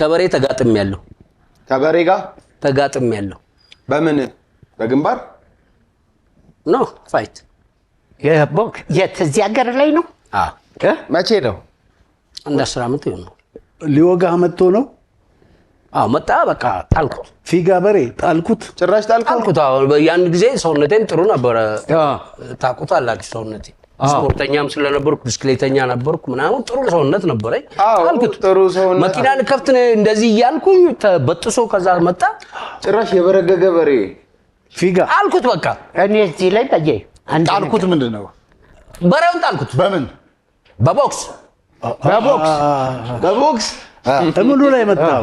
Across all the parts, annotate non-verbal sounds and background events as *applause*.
ከበሬ ተጋጥም ያለው ከበሬ ጋር ተጋጥም ያለው በምን በግንባር ኖ ፋይት የቦክ ሀገር ላይ ነው። መቼ ነው? አንድ አስር አመት ይሆን ነው። ሊወጋ መጥቶ ነው። አዎ መጣ። በቃ ጣልኩ። ፊጋ በሬ ጣልኩት። ጭራሽ ጣልኩት። አዎ ያን ጊዜ ሰውነቴም ጥሩ ነበረ። ታውቁት አላችሁ ሰውነቴ ስፖርተኛም ስለነበርኩ ብስክሌተኛ ነበርኩ ምናምን ጥሩ ሰውነት ነበረኝ። ጥሩ ሰውነት መኪና ልከፍት እንደዚህ እያልኩኝ በጥሶ ከዛ መጣ። ጭራሽ የበረገገ በሬ ፊጋ አልኩት። በቃ እኔ እዚህ ላይ ጠየ ጣልኩት። ምንድን ነው በሬውን ጣልኩት። በምን በቦክስ በቦክስ በቦክስ እምሉ ላይ መጣው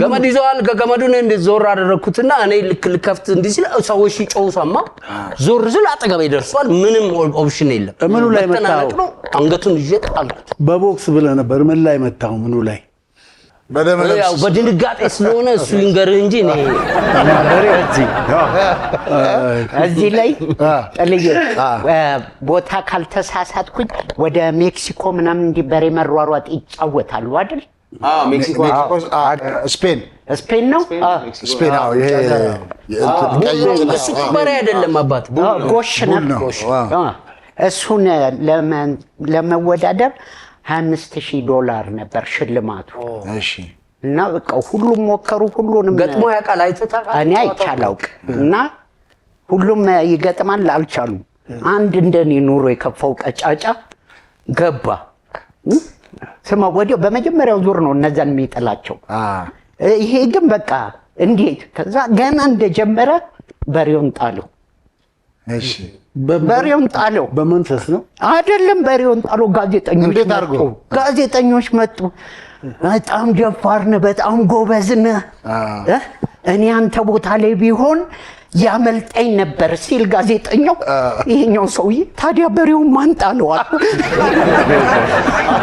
ገመድ ይዘዋል። ገመዱን እንደ ዞር አደረግኩትና እኔ ልክ ልከፍት እንዲህ ሲል ሰዎች ሲጮሁ ሰማ። ዞር ስል አጠገቤ ይደርሷል። ምንም ኦፕሽን የለም። ምኑ ላይ መታው? አንገቱን ይዤ ጣልኩት። በቦክስ ብለህ ነበር። ምን ላይ መታው? ምኑ ላይ? በድንጋጤ ስለሆነ እሱ ይንገርህ እንጂ እኔ እዚህ ላይ ጥልዬ ቦታ ካልተሳሳትኩኝ ወደ ሜክሲኮ ምናምን እንዲህ በሬ መሯሯጥ ይጫወታሉ አይደል? ስፔን ah, ስፔን ah, ah, eh, ነው። ስፔን እሱ ኩባሪ አይደለም አባት ጎሽ ነው። እሱን eh, ለመወዳደር ሀያ አምስት ሺህ ዶላር ነበር ሽልማቱ እና በቃ ሁሉም ሞከሩ። ሁሉንም ገጥሞ ያውቃል አይተታል። እኔ አይቻላውቅ እና ሁሉም eh, ይገጥማል አልቻሉም። አንድ እንደኔ ኑሮ የከፋው ቀጫጫ ገባ ስማ፣ ወዲያው በመጀመሪያው ዙር ነው እነዛን የሚጥላቸው። ይሄ ግን በቃ እንዴት ከዛ ገና እንደጀመረ በሬውን ጣለው። እሺ በሬውን ጣለው። በመንፈስ ነው አይደለም? በሬውን ጣለው። ጋዜጠኞች መጡ፣ ጋዜጠኞች መጡ። በጣም ደፋር ነህ፣ በጣም ጎበዝ ነህ። እኔ አንተ ቦታ ላይ ቢሆን ያመልጠኝ ነበር ሲል ጋዜጠኛው፣ ይሄኛው ሰውዬ ታዲያ በሬውን ማን ጣለዋል? *laughs*